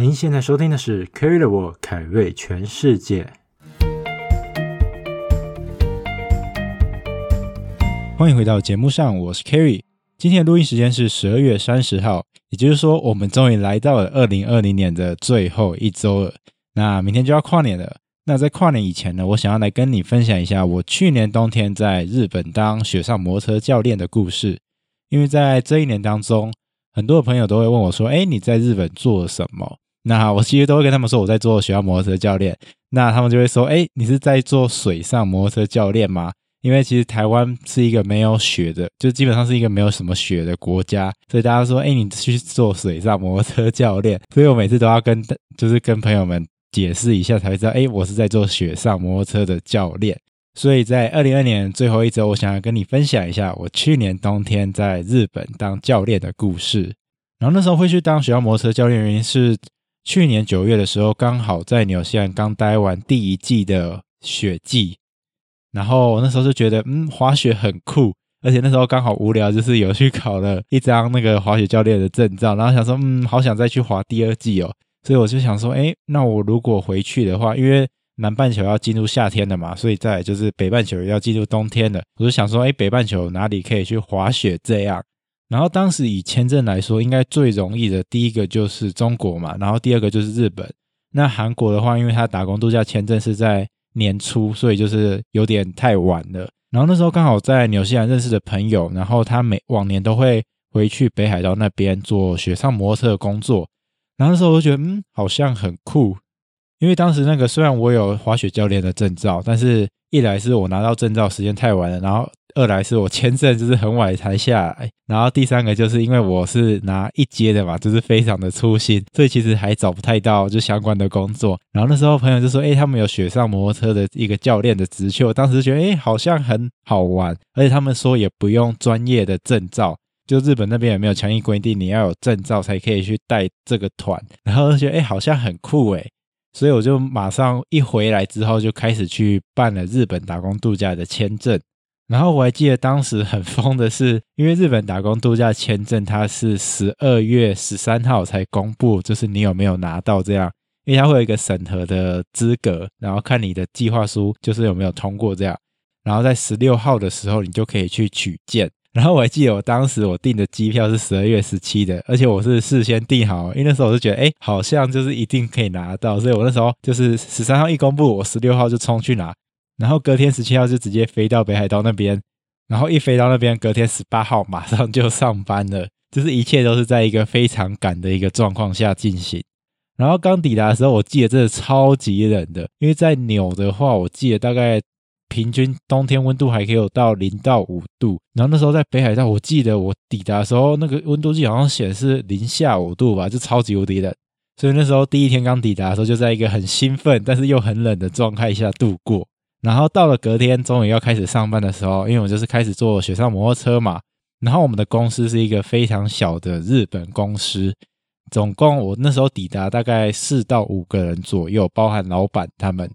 您現在收聽的是《Kerry the World》，凱瑞全世界。歡迎回到節目上，我是 Kerry。今天的錄音時間是十二月三十號，也就是說，我們終於來到了二零二零年的最後一周了。那明天就要跨年了。那在跨年以前呢，我想要來跟你分享一下我去年冬天在日本當雪上摩托教練的故事。因為在這一年當中，很多的朋友都會問我說：“哎，你在日本做什麼？”那好，我其實都會跟他們說，我在做雪上摩托車教練，那他們就會說，哎、欸，你是在做水上摩托車教練嗎？因為其實台灣是一個沒有雪的，就基本上是一個沒有什麼雪的國家，所以大家說，哎、欸，你去做水上摩托車教練。所以我每次都要跟就是跟朋友們解釋一下，才會知道，哎、欸，我是在做雪上摩托車的教練。所以在二零二年最後一周，我想要跟你分享一下我去年冬天在日本當教練的故事。然後那時候會去當雪上摩托車教練，原因是。去年九月的時候，剛好在紐西蘭剛待完第一季的雪季，然後我那時候就覺得，嗯，滑雪很酷，而且那時候剛好無聊，就是有去考了一張那個滑雪教練的證照，然後想說，嗯，好想再去滑第二季哦。所以我就想說，欸，那我如果回去的話，因為南半球要進入夏天了嘛，所以再就是北半球要進入冬天了，我就想說，欸，北半球哪裡可以去滑雪這樣？然後當時以簽證來說，應該最容易的，第一個就是中國嘛，然後第二個就是日本。那韓國的話，因為他打工度假簽證是在年初，所以就是有點太晚了。然後那時候剛好在紐西蘭認識的朋友，然後他每往年都會回去北海道那邊做雪上摩托車的工作。然後那時候我就覺得，嗯，好像很酷，因為當時那個雖然我有滑雪教練的證照，但是。一來是我拿到證照時間太晚了，然後二來是我簽證就是很晚才下來，然後第三個就是因為我是拿一階的嘛，就是非常的粗心，所以其實還找不太到就相關的工作。然後那時候朋友就說：“欸，他們有雪上摩托車的一個教練的職缺。”當時覺得：“欸，好像很好玩，而且他們說也不用專業的證照，就日本那邊也沒有強硬規定你要有證照才可以去帶這個團。”然後就覺得：“欸，好像很酷欸。”所以我就馬上一回來之後就開始去辦了日本打工度假的簽證，然後我還記得當時很瘋的是，因為日本打工度假簽證它是十二月十三號才公布，就是你有沒有拿到這樣，因為它會有一個審核的資格，然後看你的計劃書就是有沒有通過這樣，然後在十六號的時候你就可以去取件。然後我還記得，我當時我訂的機票是十二月十七的，而且我是事先訂好，因為那時候我是覺得，哎，好像就是一定可以拿到，所以我那時候就是十三號一公布，我十六號就衝去拿，然後隔天十七號就直接飛到北海道那邊，然後一飛到那邊，隔天十八號馬上就上班了，就是一切都是在一個非常趕的一個狀況下進行。然後剛抵達的時候，我記得真的超級冷的，因為在紐的話，我記得大概。平均冬天溫度還可以有到零到五度，然後那時候在北海道，我記得我抵達的時候，那個溫度計好像顯示零下五度吧，就超級無敵冷。所以那時候第一天剛抵達的時候，就在一個很興奮但是又很冷的狀態下度過。然後到了隔天，終於要開始上班的時候，因為我就是開始坐雪上摩托車嘛。然後我們的公司是一個非常小的日本公司，總共我那時候抵達大概四到五個人左右，包含老闆他們。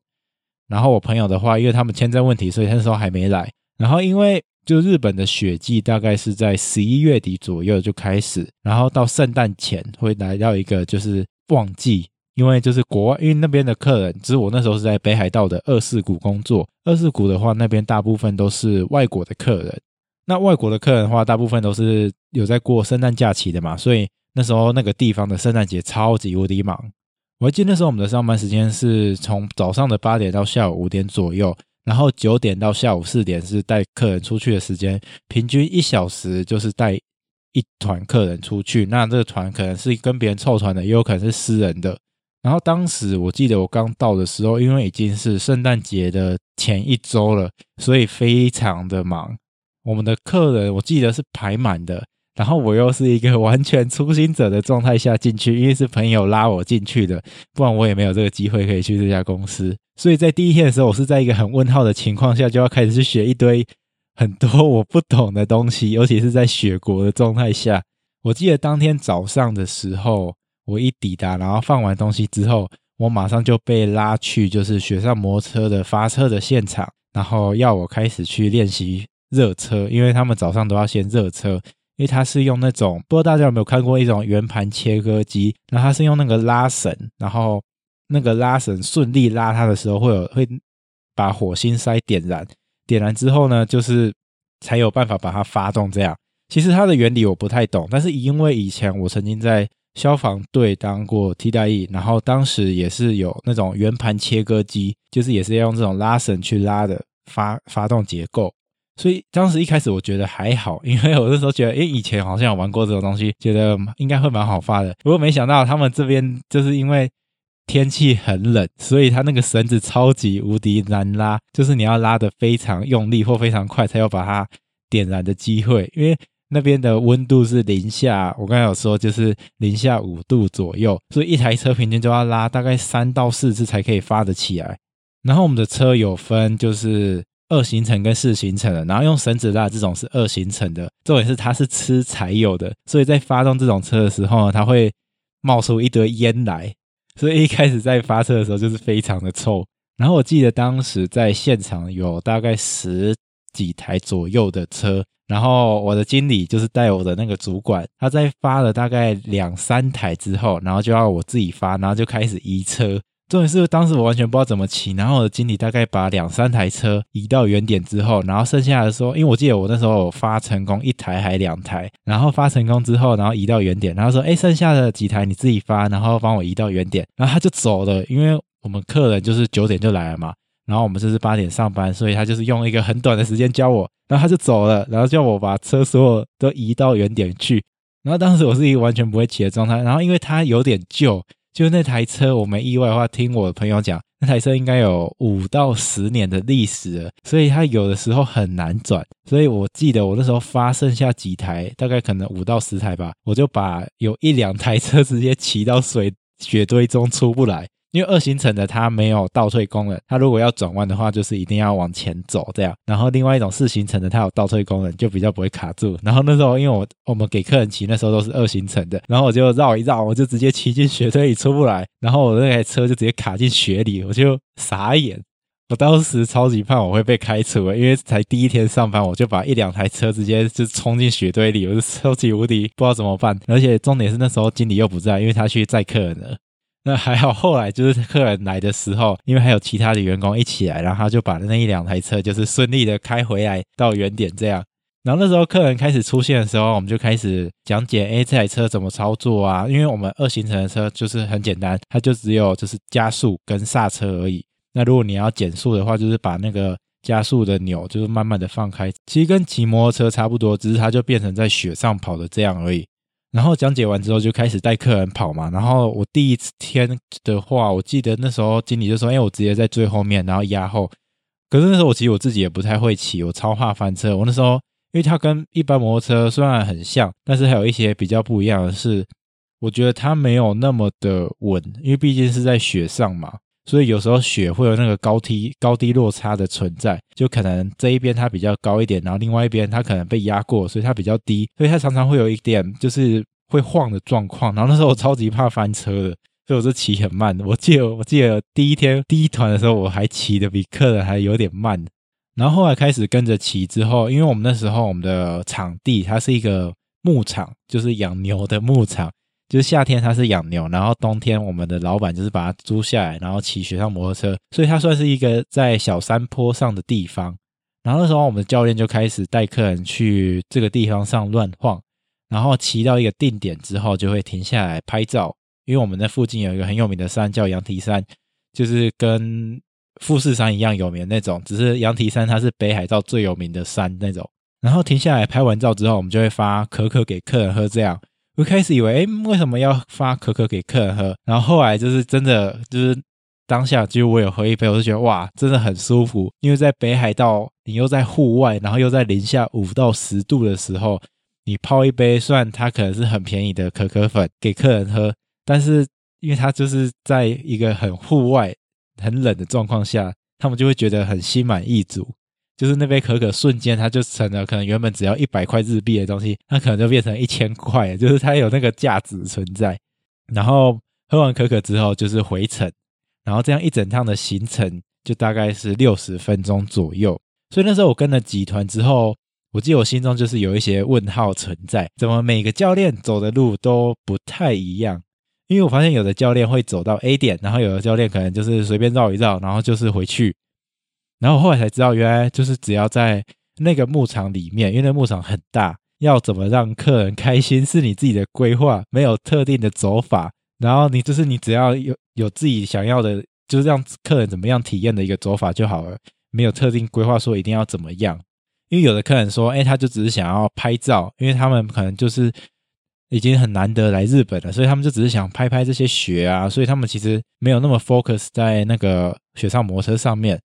然後我朋友的話，因為他們簽證問題，所以他那時候還沒來。然後因為就日本的雪季大概是在十一月底左右就開始，然後到聖誕前會來到一個就是旺季，因為就是國外，因為那邊的客人，其實我那時候是在北海道的二世谷工作，二世谷的話，那邊大部分都是外國的客人。那外國的客人的話，大部分都是有在過聖誕假期的嘛，所以那時候那個地方的聖誕節超級無敵忙。我記得那時候我們的上班時間是從早上的八點到下午五點左右，然後九點到下午四點是帶客人出去的時間，平均一小時就是帶一團客人出去。那這個團可能是跟別人湊團的，也有可能是私人的。然後當時我記得我剛到的時候，因為已經是聖誕節的前一周了，所以非常的忙。我們的客人我記得是排滿的。然後我又是一個完全初心者的狀態下進去，因為是朋友拉我進去的，不然我也沒有這個機會可以去這家公司。所以在第一天的時候，我是在一個很問號的情況下，就要開始去學一堆很多我不懂的東西，尤其是在雪國的狀態下。我記得當天早上的時候，我一抵達，然後放完東西之後，我馬上就被拉去就是雪上摩托車的發車的現場，然後要我開始去練習熱車，因為他們早上都要先熱車。因為它是用那種，不知道大家有沒有看過一種圓盤切割機，然後它是用那個拉繩，然後那個拉繩順利拉它的時候會有，會把火星塞點燃，點燃之後呢，就是才有辦法把它發動這樣。其實它的原理我不太懂，但是因為以前我曾經在消防隊當過替代役，然後當時也是有那種圓盤切割機，就是也是要用這種拉繩去拉的發發動結構。所以當時一開始我覺得還好，因為我那時候覺得，哎，以前好像有玩過這種東西，覺得應該會蠻好發的。不過沒想到他們這邊就是因為天氣很冷，所以他那個繩子超級無敵難拉，就是你要拉得非常用力或非常快，才有把它點燃的機會。因為那邊的溫度是零下，我剛才有說就是零下五度左右，所以一台車平均就要拉大概三到四次才可以發得起來。然後我們的車有分，就是。二行程跟四行程的，然後用繩子拉的這種是二行程的，重點是它是吃柴油的，所以在發動這種車的時候呢，它會冒出一堆煙來，所以一開始在發車的時候就是非常的臭。然後我記得當時在現場有大概十幾台左右的車，然後我的經理就是帶我的那個主管，他在發了大概兩三台之後，然後就要我自己發，然後就開始移車。重點是當時我完全不知道怎麼騎，然後我的經理大概把兩三台車移到原點之後，然後剩下的時候，因為我記得我那時候發成功一台還兩台，然後發成功之後，然後移到原點，然後說，哎、欸，剩下的幾台你自己發，然後幫我移到原點，然後他就走了，因為我們客人就是九點就來了嘛，然後我們就是八點上班，所以他就是用一個很短的時間教我，然後他就走了，然後叫我把車所有都移到原點去，然後當時我是一個完全不會騎的狀態，然後因為他有點舊。就那台車，我沒意外的話，聽我的朋友講，那台車應該有五到十年的歷史了，所以它有的時候很難轉。所以我記得我那時候發剩下幾台，大概可能五到十台吧，我就把有一兩台車直接騎到水，雪堆中出不來。因為二行程的它沒有倒退功能，它如果要轉彎的話，就是一定要往前走，這樣。然後另外一種四行程的它有倒退功能，就比較不會卡住。然後那時候因為我我們給客人騎，那時候都是二行程的，然後我就繞一繞，我就直接騎進雪堆裡出不來，然後我那台車就直接卡進雪裡，我就傻眼。我當時超級怕我會被開除，因為才第一天上班，我就把一兩台車直接就衝進雪堆裡，我就超級無敵不知道怎麼辦。而且重點是那時候經理又不在，因為他去載客人了。那還好，後來就是客人來的時候，因為還有其他的員工一起來，然後他就把那一兩台車就是順利的開回來到原點這樣。然後那時候客人開始出現的時候，我們就開始講解，哎、欸，這台車怎麼操作啊？因為我們二行程的車就是很簡單，它就只有就是加速跟剎車而已。那如果你要減速的話，就是把那個加速的鈕就是慢慢的放開，其實跟騎摩托車差不多，只是它就變成在雪上跑的這樣而已。然後講解完之後就開始帶客人跑嘛。然後我第一天的話，我記得那時候經理就說：“哎，我直接在最後面，然後壓後。”可是那時候我其實我自己也不太會騎，我超怕翻車。我那時候，因為它跟一般摩托車雖然很像，但是還有一些比較不一樣的是，我覺得它沒有那麼的穩，因為畢竟是在雪上嘛。所以有時候雪會有那個高低高低落差的存在，就可能這一邊它比較高一點，然後另外一邊它可能被壓過，所以它比較低，所以它常常會有一點就是會晃的狀況。然後那時候我超級怕翻車的，所以我就騎很慢，我記得我記得第一天，第一團的時候，我還騎的比客人還有點慢。然後後來開始跟着騎之後，因為我們那時候我們的場地它是一個牧場，就是養牛的牧場。就是夏天它是養牛，然後冬天我們的老板就是把它租下來，然後騎雪上摩托車，所以它算是一個在小山坡上的地方。然後那時候我們的教練就開始帶客人去這個地方上亂晃，然後騎到一個定點之後就會停下來拍照，因為我們那附近有一個很有名的山叫羊蹄山，就是跟富士山一樣有名的那種，只是羊蹄山它是北海道最有名的山那種。然後停下來拍完照之後，我們就會發可可給客人喝，這樣。我一開始以為，哎、欸，為什麼要發可可給客人喝？然後後來就是真的，就是當下，就我有喝一杯，我就覺得哇，真的很舒服。因為在北海道，你又在戶外，然後又在零下五到十度的時候，你泡一杯，算它可能是很便宜的可可粉給客人喝。但是，因為它就是在一個很戶外、很冷的狀況下，他們就會覺得很心滿意足。就是那杯可可，瞬間它就成了可能原本只要一百塊日幣的東西，它可能就變成一千塊，就是它有那個價值存在。然後喝完可可之後，就是回程，然後這樣一整趟的行程就大概是六十分鐘左右。所以那時候我跟了幾團之後，我記得我心中就是有一些問號存在：怎麼每個教練走的路都不太一樣？因為我發現有的教練會走到 A 點，然後有的教練可能就是隨便繞一繞，然後就是回去。然後後來才知道，原來就是只要在那個牧場裡面，因為那牧場很大，要怎麼讓客人開心是你自己的規劃，沒有特定的走法。然後你就是你只要有有自己想要的，就是讓客人怎麼樣體驗的一個走法就好了，沒有特定規劃說一定要怎麼樣。因為有的客人說，哎，他就只是想要拍照，因為他們可能就是已經很難得來日本了，所以他們就只是想拍拍這些雪啊，所以他們其實沒有那麼 focus 在那個雪上摩托車上面。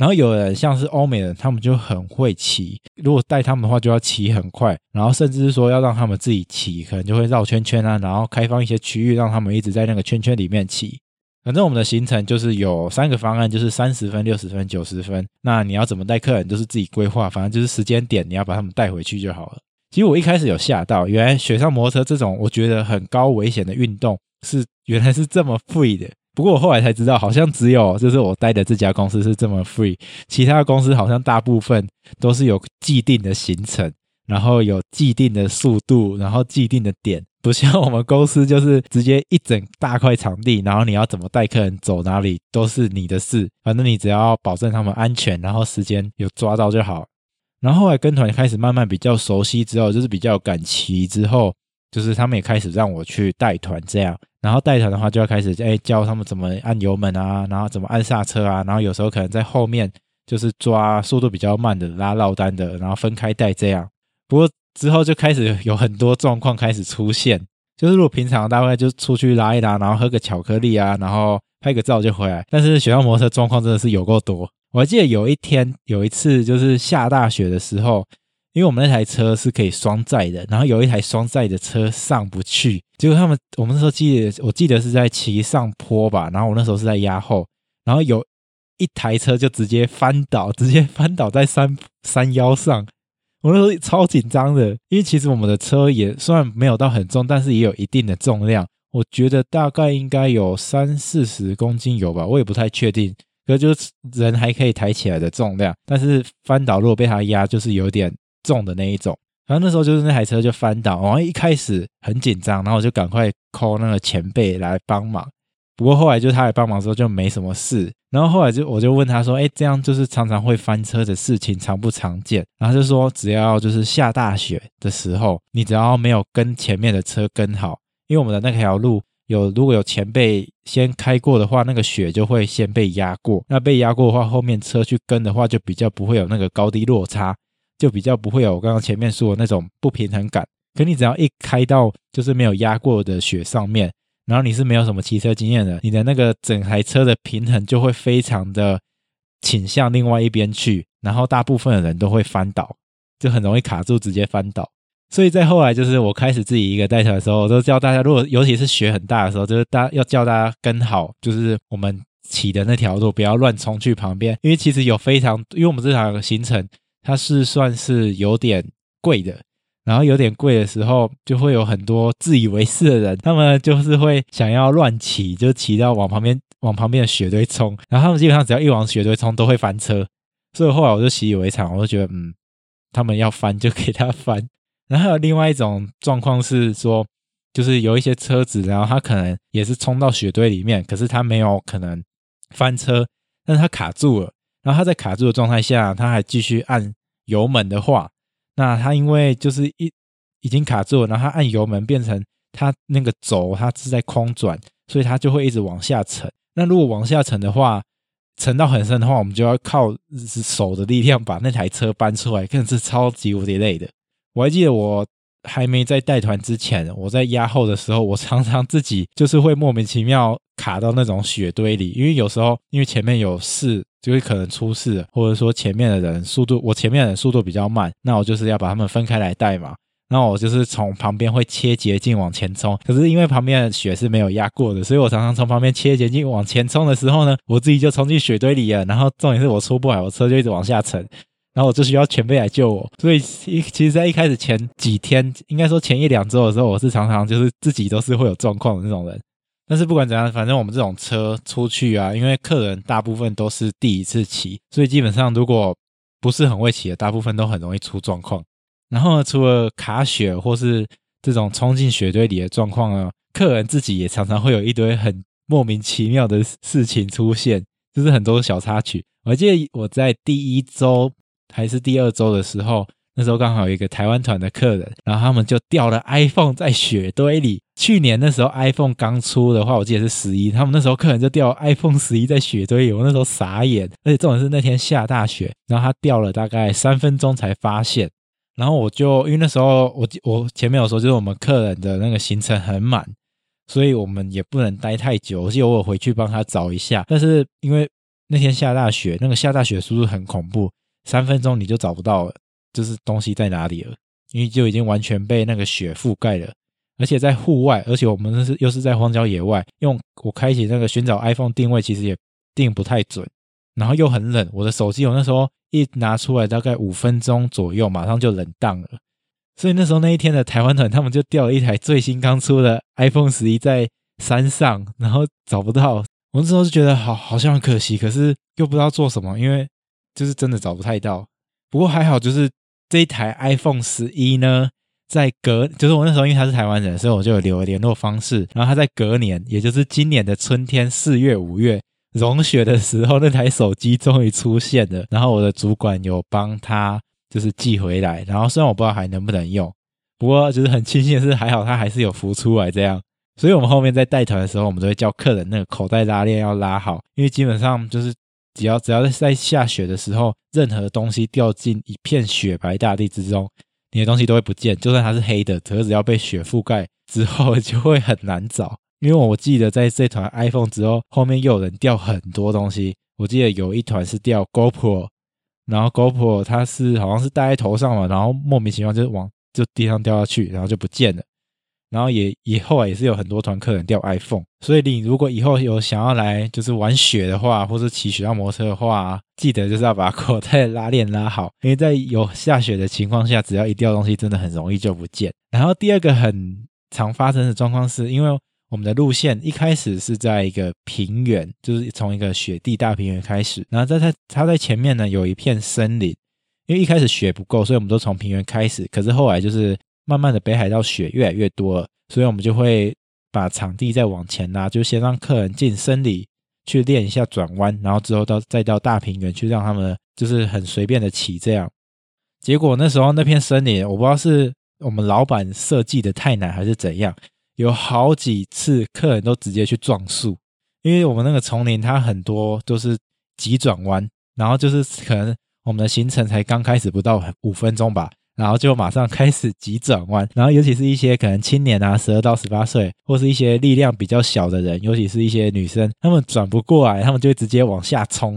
然後有人像是歐美人，他們就很會騎。如果帶他們的話，就要騎很快，然後甚至是說要讓他們自己騎，可能就會繞圈圈啊。然後開放一些區域，讓他們一直在那個圈圈裡面騎。反正我們的行程就是有三個方案，就是三十分、六十分、九十分。那你要怎麼帶客人，就是自己規劃。反正就是時間點，你要把他們帶回去就好了。其實我一開始有嚇到，原來雪上摩托車這種我覺得很高危險的運動，是原來是這麼 free 的。不過我後來才知道，好像只有就是我待的這家公司是這麼 free，其他的公司好像大部分都是有既定的行程，然後有既定的速度，然後既定的點，不像我們公司就是直接一整大塊場地，然後你要怎麼帶客人走哪裡都是你的事，反正你只要保證他們安全，然後時間有抓到就好。然後後來跟團開始慢慢比較熟悉之後，就是比較有感情之後。就是他們也開始讓我去帶團這樣，然後帶團的話就要開始哎、欸、教他們怎麼按油門啊，然後怎麼按剎車啊，然後有時候可能在後面就是抓速度比較慢的、拉落單的，然後分開帶這樣。不過之後就開始有很多狀況開始出現，就是如果平常大概就出去拉一拉，然後喝個巧克力啊，然後拍個照就回來。但是雪上摩托車狀況真的是有夠多，我還記得有一天有一次就是下大雪的時候。因為我們那台車是可以雙載的，然後有一台雙載的車上不去，結果他們我們那時候記得，我記得是在騎上坡吧，然後我那時候是在壓後，然後有一台車就直接翻倒，直接翻倒在山山腰上。我那時候超緊張的，因為其實我們的車也算沒有到很重，但是也有一定的重量，我覺得大概應該有三四十公斤有吧，我也不太確定。可就是人還可以抬起來的重量，但是翻倒如果被它壓，就是有點，重的那一種，然後那時候就是那台車就翻倒，然後、哦、一開始很緊張，然後我就趕快 call 那個前輩來幫忙。不過後來就他來幫忙之後就沒什麼事，然後後來就我就問他說：“哎，這樣就是常常會翻車的事情常不常見？”然後就說：“只要就是下大雪的時候，你只要沒有跟前面的車跟好，因為我們的那條路有如果有前輩先開過的話，那個雪就會先被壓過。那被壓過的話，後面車去跟的話就比較不會有那個高低落差。”就比較不會有我剛剛前面說的那種不平衡感。可你只要一開到就是沒有壓過的雪上面，然後你是沒有什麼騎車經驗的，你的那個整台車的平衡就會非常的傾向另外一邊去，然後大部分的人都會翻倒，就很容易卡住，直接翻倒。所以在後來就是我開始自己一個帶團的時候，我都教大家，如果尤其是雪很大的時候，就是大要教大家跟好，就是我們騎的那條路不要亂衝去旁邊，因為其實有非常因為我們這場行程。它是算是有點貴的，然後有點貴的時候，就會有很多自以為是的人，他們就是會想要亂騎，就騎到往旁邊往旁邊的雪堆衝，然後他們基本上只要一往雪堆衝，都會翻車。所以後來我就習以為常，我就覺得，嗯，他們要翻就給他翻。然後還有另外一種狀況是說，就是有一些車子，然後他可能也是衝到雪堆裡面，可是他沒有可能翻車，但是他卡住了。然後它在卡住的狀態下，它還繼續按油門的話，那它因為就是一已經卡住了，然後它按油門變成它那個軸它是在空轉，所以它就會一直往下沉。那如果往下沉的話，沉到很深的話，我們就要靠手的力量把那台車搬出來，更是超級無敵累的。我還記得我。還沒在帶團之前，我在壓後的時候，我常常自己就是會莫名其妙卡到那種雪堆裡，因為有時候因為前面有事，就會可能出事，或者說前面的人速度，我前面的人速度比較慢，那我就是要把他們分開來帶嘛，那我就是從旁邊會切捷徑往前衝，可是因為旁邊的雪是沒有壓過的，所以我常常從旁邊切捷徑往前衝的時候呢，我自己就衝進雪堆裡了，然後重點是我出不來，我車就一直往下沉。然後我就需要前輩來救我，所以其其實在一開始前幾天，應該說前一兩周的時候，我是常常就是自己都是會有狀況的那種人。但是不管怎樣，反正我們這種車出去啊，因為客人大部分都是第一次騎，所以基本上如果不是很會騎的，大部分都很容易出狀況。然後呢，除了卡雪或是這種衝進雪堆裡的狀況啊，客人自己也常常會有一堆很莫名其妙的事情出現，就是很多小插曲。我還記得我在第一周。還是第二週的時候，那時候剛好有一個台灣團的客人，然後他們就掉了 iPhone 在雪堆裡。去年那時候 iPhone 剛出的話，我記得是十一，他們那時候客人就掉 iPhone 十一在雪堆裡，我那時候傻眼。而且重點是那天下大雪，然後他掉了大概三分鐘才發現。然後我就因為那時候我我前面有說，就是我們客人的那個行程很滿，所以我們也不能待太久，我是偶爾回去幫他找一下。但是因為那天下大雪，那個下大雪是不是很恐怖？三分鐘你就找不到，就是東西在哪裡了，因為就已經完全被那個雪覆蓋了，而且在戶外，而且我們是又是在荒郊野外，用我開啟那個尋找 iPhone 定位，其實也定不太準，然後又很冷，我的手機我那時候一拿出來大概五分鐘左右，馬上就冷當了，所以那時候那一天的台灣團他們就掉了一台最新剛出的 iPhone 11在山上，然後找不到，我那時候就覺得好好像很可惜，可是又不知道做什麼，因為。就是真的找不太到，不過還好，就是這一台 iPhone 十一呢，在隔，就是我那時候因為他是台灣人，所以我就有留聯絡方式。然後他在隔年，也就是今年的春天四月、五月融雪的時候，那台手機終於出現了。然後我的主管有幫他就是寄回來，然後雖然我不知道還能不能用，不過就是很慶幸的是，還好他還是有浮出來這樣。所以我們後面在帶團的時候，我們都會叫客人那個口袋拉鏈要拉好，因為基本上就是。只要只要在下雪的時候，任何東西掉進一片雪白大地之中，你的東西都會不見。就算它是黑的，可是只要被雪覆蓋之後，就會很難找。因為我記得在這團 iPhone 之後，後面又有人掉很多東西。我記得有一團是掉 GoPro，然後 GoPro 它是好像是戴在頭上嘛，然後莫名其妙就是往就地上掉下去，然後就不見了。然後也以後來也是有很多團客人掉 iPhone，所以你如果以後有想要來就是玩雪的話，或者騎雪上摩托車的話，記得就是要把口袋拉鏈拉好，因為在有下雪的情況下，只要一掉東西，真的很容易就不見。然後第二個很常發生的狀況是，因為我們的路線一開始是在一個平原，就是從一個雪地大平原開始，然後在它它在前面呢有一片森林，因為一開始雪不夠，所以我們都從平原開始，可是後來就是。慢慢的，北海道雪越來越多了，所以我們就會把場地再往前拉，就先讓客人進森林去練一下轉彎，然後之後到再到大平原去讓他們就是很隨便的騎這樣。結果那時候那片森林，我不知道是我們老闆設計的太難還是怎樣，有好幾次客人都直接去撞樹，因為我們那個叢林它很多都是急轉彎，然後就是可能我們的行程才剛開始不到五分鐘吧。然後就馬上開始急轉彎，然後尤其是一些可能青年啊，十二到十八歲，或是一些力量比較小的人，尤其是一些女生，他們轉不過來，他們就會直接往下衝，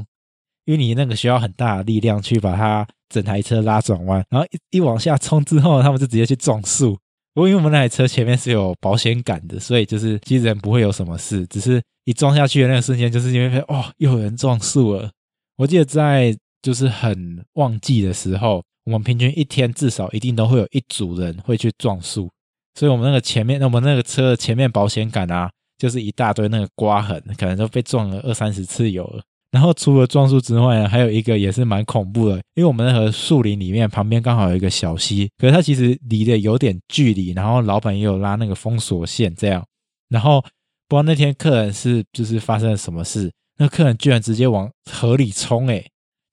因為你那個需要很大的力量去把它整台車拉轉彎，然後一一往下衝之後，他們就直接去撞樹。不過因為我們那台車前面是有保險桿的，所以就是其實人不會有什麼事，只是一撞下去的那個瞬間，就是因為哇，哦、又有人撞樹了。我記得在就是很旺季的時候。我們平均一天至少一定都會有一組人會去撞樹，所以我們那個前面，那我們那個車的前面保險桿啊，就是一大堆那個刮痕，可能都被撞了二三十次有了。然後除了撞樹之外呢，還有一個也是蠻恐怖的，因為我們那個樹林裡面旁邊剛好有一個小溪，可是它其實離得有點距離，然後老板也有拉那個封鎖線這樣。然後不知道那天客人是就是發生了什麼事，那客人居然直接往河裡衝，欸，誒，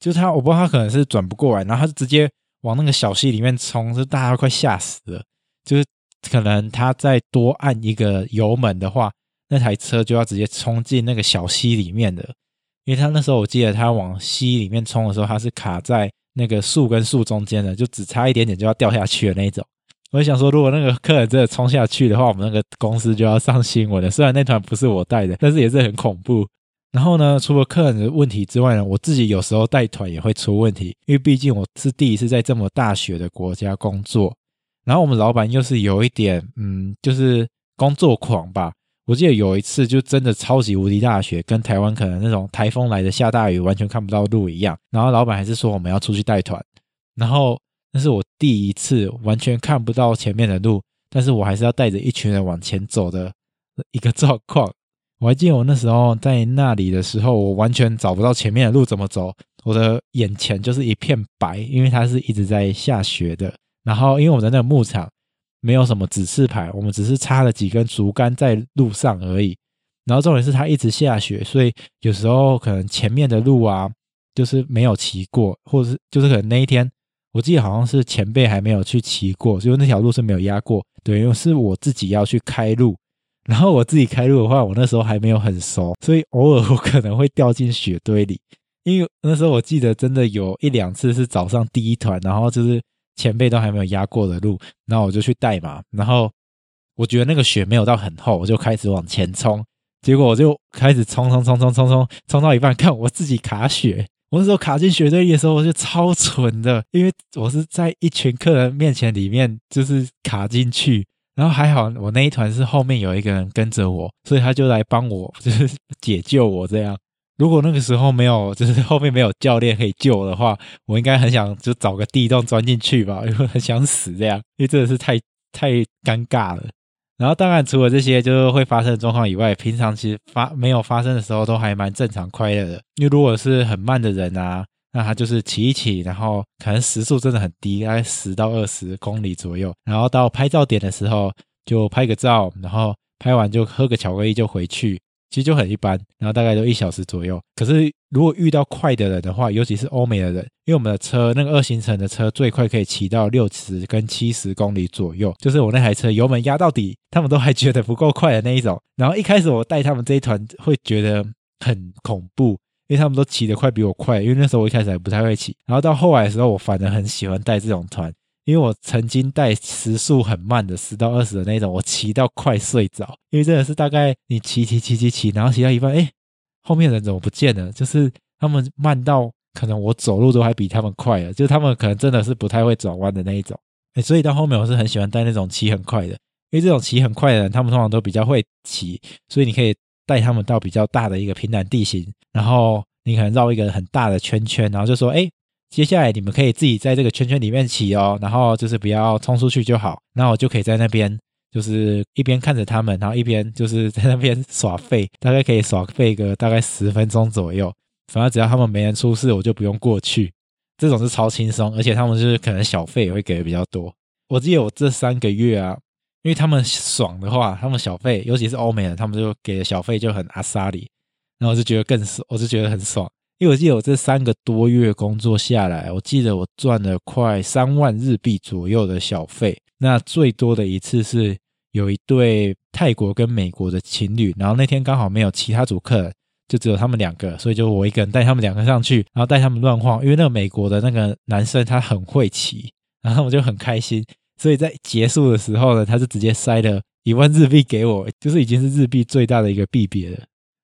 就是他，我不知道他可能是轉不過來，然後他就直接。往那個小溪裡面衝，是大家都快嚇死了。就是可能他再多按一個油門的話，那台車就要直接衝進那個小溪裡面的。因為他那時候我記得他往溪裡面衝的時候，他是卡在那個樹跟樹中間的，就只差一點點就要掉下去的那種。我也想說，如果那個客人真的衝下去的話，我們那個公司就要上新聞了。雖然那團不是我帶的，但是也是很恐怖。然後呢，除了客人的問題之外呢，我自己有時候帶團也會出問題，因為畢竟我是第一次在這麼大雪的國家工作。然後我們老闆又是有一點，嗯，就是工作狂吧。我記得有一次就真的超級無敵大雪，跟台灣可能那種颱風來的下大雨，完全看不到路一樣。然後老闆還是說我們要出去帶團。然後那是我第一次完全看不到前面的路，但是我還是要帶着一群人往前走的一個狀況。我還記得我那時候在那裡的時候，我完全找不到前面的路怎麼走，我的眼前就是一片白，因為它是一直在下雪的。然後因為我們在那個牧場沒有什麼指示牌，我們只是插了幾根竹竿在路上而已。然後重點是它一直下雪，所以有時候可能前面的路啊，就是沒有騎過，或者是就是可能那一天，我記得好像是前輩還沒有去騎過，所以那條路是沒有壓過。對，因為是我自己要去開路。然後我自己開路的話，我那時候還沒有很熟，所以偶爾我可能會掉進雪堆裡。因為那時候我記得真的有一兩次是早上第一團，然後就是前輩都還沒有壓過的路，然後我就去帶嘛。然後我覺得那個雪沒有到很厚，我就開始往前衝。結果我就開始衝衝衝衝衝衝衝到一半，看我自己卡雪。我那時候卡進雪堆裡的時候，我就超蠢的，因為我是在一群客人面前裡面就是卡進去。然後還好，我那一團是後面有一個人跟着我，所以他就來幫我，就是解救我這樣。如果那個時候沒有，就是後面沒有教練可以救我的話，我應該很想就找個地洞鑽進去吧，因為很想死這樣，因為真的是太，太尷尬了。然後當然除了這些就是會發生的狀況以外，平常其實發，沒有發生的時候都還蠻正常快樂的。因為如果是很慢的人啊。那他就是騎一騎，然後可能時速真的很低，大概十到二十公里左右。然後到拍照點的時候就拍個照，然後拍完就喝個巧克力就回去，其實就很一般。然後大概都一小時左右。可是如果遇到快的人的話，尤其是歐美的人，因為我們的車那個二行程的車最快可以騎到六十跟七十公里左右，就是我那台車油門壓到底，他們都還覺得不夠快的那一種。然後一開始我帶他們這一團會覺得很恐怖。因為他們都騎得快，比我快。因為那時候我一開始還不太會騎，然後到後來的時候，我反而很喜歡帶這種團，因為我曾經帶時速很慢的十到二十的那種，我騎到快睡着。因為真的是大概你騎騎騎騎騎，然後騎到一半，欸，後面人怎麼不見了？就是他們慢到可能我走路都還比他們快了，就是他們可能真的是不太會轉彎的那一種。欸，所以到後面我是很喜歡帶那種騎很快的，因為這種騎很快的人，他們通常都比較會騎，所以你可以。帶他們到比較大的一個平坦地形，然後你可能繞一個很大的圈圈，然後就說：“哎、欸，接下來你們可以自己在這個圈圈裡面騎哦，然後就是不要衝出去就好。”然後我就可以在那邊，就是一邊看着他們，然後一邊就是在那邊耍廢，大概可以耍廢個大概十分鐘左右。反正只要他們沒人出事，我就不用過去。這種是超輕鬆，而且他們就是可能小費也會給的比較多。我記得我這三個月啊。因為他們爽的話，他們小費，尤其是歐美人，他們就給的小費就很阿薩里，然後我就覺得更爽，我就覺得很爽。因為我記得我這三個多月工作下來，我記得我賺了快三萬日幣左右的小費。那最多的一次是有一對泰國跟美國的情侶，然後那天剛好沒有其他組客，就只有他們兩個，所以就我一個人帶他們兩個上去，然後帶他們亂晃。因為那個美國的那個男生他很會騎，然後我就很開心。所以在結束的時候呢，他是直接塞了一萬日幣給我，就是已經是日幣最大的一個幣別了。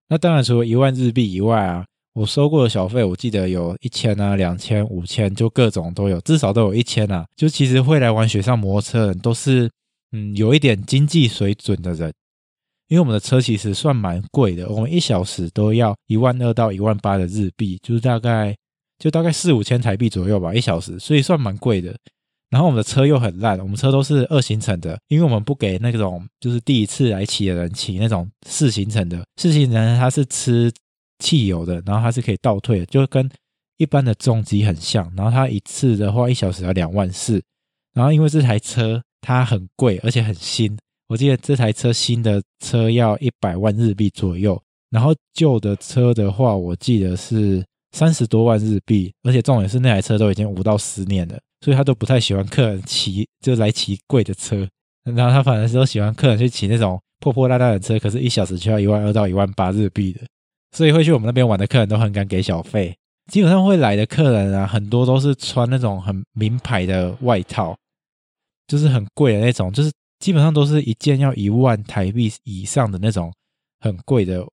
那當然，除了一萬日幣以外啊，我收過的小費，我記得有一千啊、兩千、五千，就各種都有，至少都有一千啊。就其實會來玩雪上摩托車人都是，嗯，有一點經濟水準的人，因為我們的車其實算蠻貴的，我們一小時都要一萬二到一萬八的日幣，就是大概就大概四五千台幣左右吧，一小時，所以算蠻貴的。然後我們的車又很爛，我們車都是二行程的，因為我們不給那種就是第一次來騎的人騎那種四行程的。四行程它是吃汽油的，然後它是可以倒退的，就跟一般的重機很像。然後它一次的話一小時要兩萬四。然後因為這台車它很貴，而且很新。我記得這台車新的車要一百萬日幣左右，然後舊的車的話，我記得是三十多萬日幣。而且重點是那台車都已經五到十年了。所以，他都不太喜歡客人騎，就來騎貴的車。然後，他反而都喜歡客人去騎那種破破爛爛的車。可是，一小時就要一萬二到一萬八日幣的。所以，會去我們那邊玩的客人都很敢給小費。基本上會來的客人啊，很多都是穿那種很名牌的外套，就是很貴的那種，就是基本上都是一件要一萬台幣以上的那種很貴的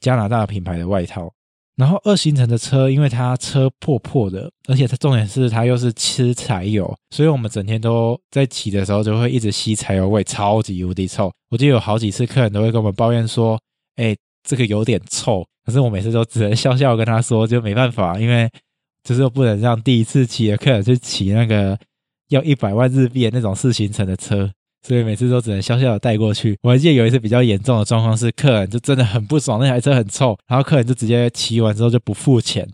加拿大品牌的外套。然後二行程的車，因為它車破破的，而且它重點是它又是吃柴油，所以我們整天都在騎的時候就會一直吸柴油味，超級無敵臭。我記得有好幾次客人都會跟我們抱怨說：“哎、欸，這個有點臭。”可是我每次都只能笑笑跟他說：“就沒辦法，因為就是又不能讓第一次騎的客人去騎那個要一百萬日幣的那種四行程的車。”所以每次都只能小小的帶過去。我還記得有一次比較嚴重的狀況是，客人就真的很不爽，那台車很臭，然後客人就直接騎完之後就不付錢。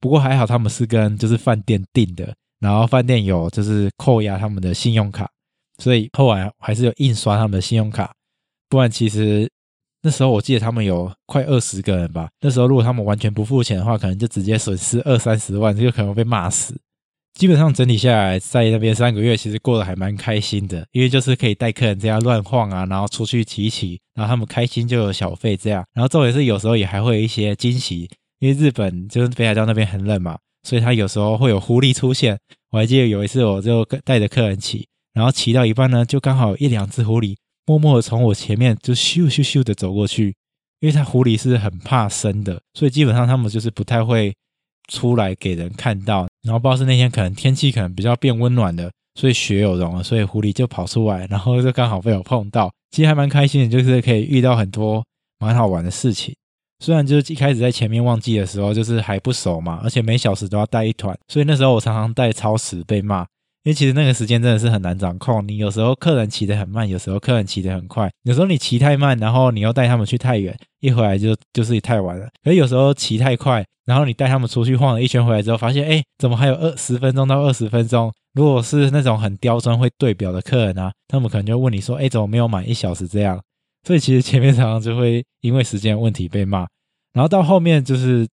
不過還好他們是跟就是飯店訂的，然後飯店有就是扣押他們的信用卡，所以後來還是有印刷他們的信用卡。不然其實那時候我記得他們有快二十個人吧。那時候如果他們完全不付錢的話，可能就直接損失二三十萬，就可能會被罵死。基本上整體下來，在那邊三個月，其實過得還蠻開心的，因為就是可以帶客人這樣亂晃啊，然後出去騎騎，然後他們開心就有小費這樣，然後重點是有時候也還會有一些驚喜，因為日本就是北海道那邊很冷嘛，所以它有時候會有狐狸出現。我還記得有一次，我就帶着客人騎，然後騎到一半呢，就剛好有一兩隻狐狸默默的從我前面就咻咻咻咻的走過去，因為它狐狸是很怕生的，所以基本上他們就是不太會。出來給人看到，然後不知道是那天可能天氣可能比較變溫暖的，所以雪有融了，所以狐狸就跑出來，然後就剛好被我碰到。其實還蠻開心的，就是可以遇到很多蠻好玩的事情。雖然就是一開始在前面旺季的時候就是還不熟嘛，而且每小時都要帶一團，所以那時候我常常帶超時被罵。因為其實那個時間真的是很難掌控，你有時候客人騎得很慢，有時候客人騎得很快，有時候你騎太慢，然後你又帶他們去太遠，一回來就就是太晚了。而有時候騎太快，然後你帶他們出去晃了一圈回來之後，發現哎，怎麼還有二十分鐘到二十分鐘？如果是那種很刁鑽會對表的客人啊，他們可能就問你說，哎，怎麼沒有滿一小時這樣？所以其實前面常常就會因為時間問題被罵，然後到後面就是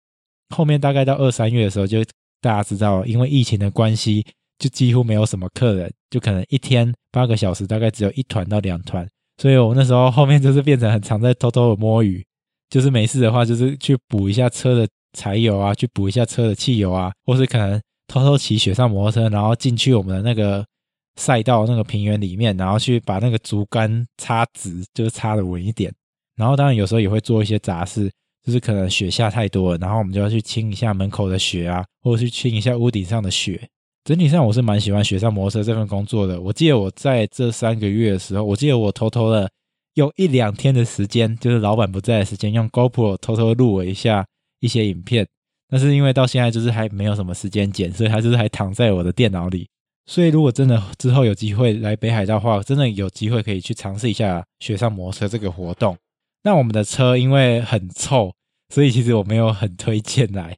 後面大概到二三月的時候就，就大家知道因為疫情的關係。就幾乎沒有什麼客人，就可能一天八個小時，大概只有一團到兩團。所以，我們那時候後面就是變成很常在偷偷的摸魚，就是沒事的話，就是去補一下車的柴油啊，去補一下車的汽油啊，或是可能偷偷騎雪上摩托車，然後進去我們的那個賽道那個平原裡面，然後去把那個竹竿插直，就是插的穩一點。然後，當然有時候也會做一些雜事，就是可能雪下太多了，然後我們就要去清一下門口的雪啊，或者去清一下屋頂上的雪。整體上我是蠻喜歡雪上摩托車這份工作的。我記得我在這三個月的時候，我記得我偷偷的用一兩天的時間，就是老板不在的時間，用 GoPro 偷偷錄了一下一些影片。但是因為到現在就是還沒有什麼時間剪，所以他就是還躺在我的電腦裡。所以如果真的之後有機會來北海道的話，真的有機會可以去嘗試一下雪上摩托車這個活動。那我們的車因為很臭，所以其實我沒有很推薦來，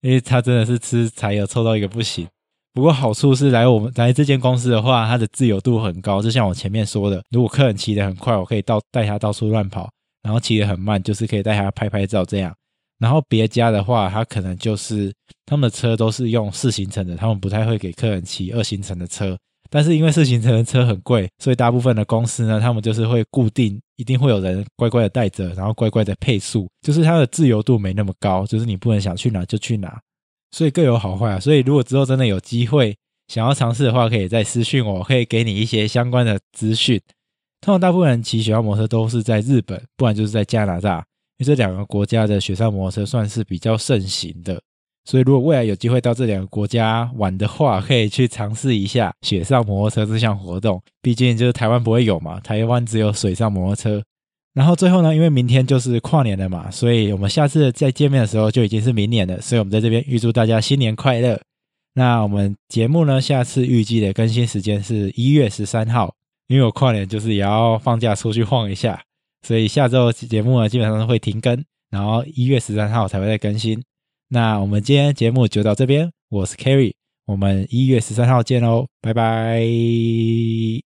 因為它真的是吃柴油臭到一個不行。不過好處是來我們來這間公司的話，它的自由度很高。就像我前面說的，如果客人騎得很快，我可以到帶他到處亂跑；然後騎得很慢，就是可以帶他拍拍照這樣。然後別家的話，他可能就是他們的車都是用四行程的，他們不太會給客人騎二行程的車。但是因為四行程的車很貴，所以大部分的公司呢，他們就是會固定，一定會有人乖乖的帶着，然後乖乖的配速，就是它的自由度沒那麼高，就是你不能想去哪就去哪。所以各有好壞啊，所以如果之後真的有機會想要嘗試的話，可以再私訊我，可以給你一些相關的資訊。通常大部分人騎雪上摩托車都是在日本，不然就是在加拿大，因為這兩個國家的雪上摩托車算是比較盛行的。所以如果未來有機會到這兩個國家玩的話，可以去嘗試一下雪上摩托車這項活動。畢竟就是台灣不會有嘛，台灣只有水上摩托車。然後最後呢，因為明天就是跨年了嘛，所以我們下次再見面的時候就已經是明年了，所以我們在這邊預祝大家新年快樂。那我們節目呢，下次預計的更新時間是一月十三號，因為我跨年就是也要放假出去晃一下，所以下周節目呢基本上都會停更，然後一月十三號才會再更新。那我們今天節目就到這邊，我是 Kerry，我們一月十三號見嘍，拜拜。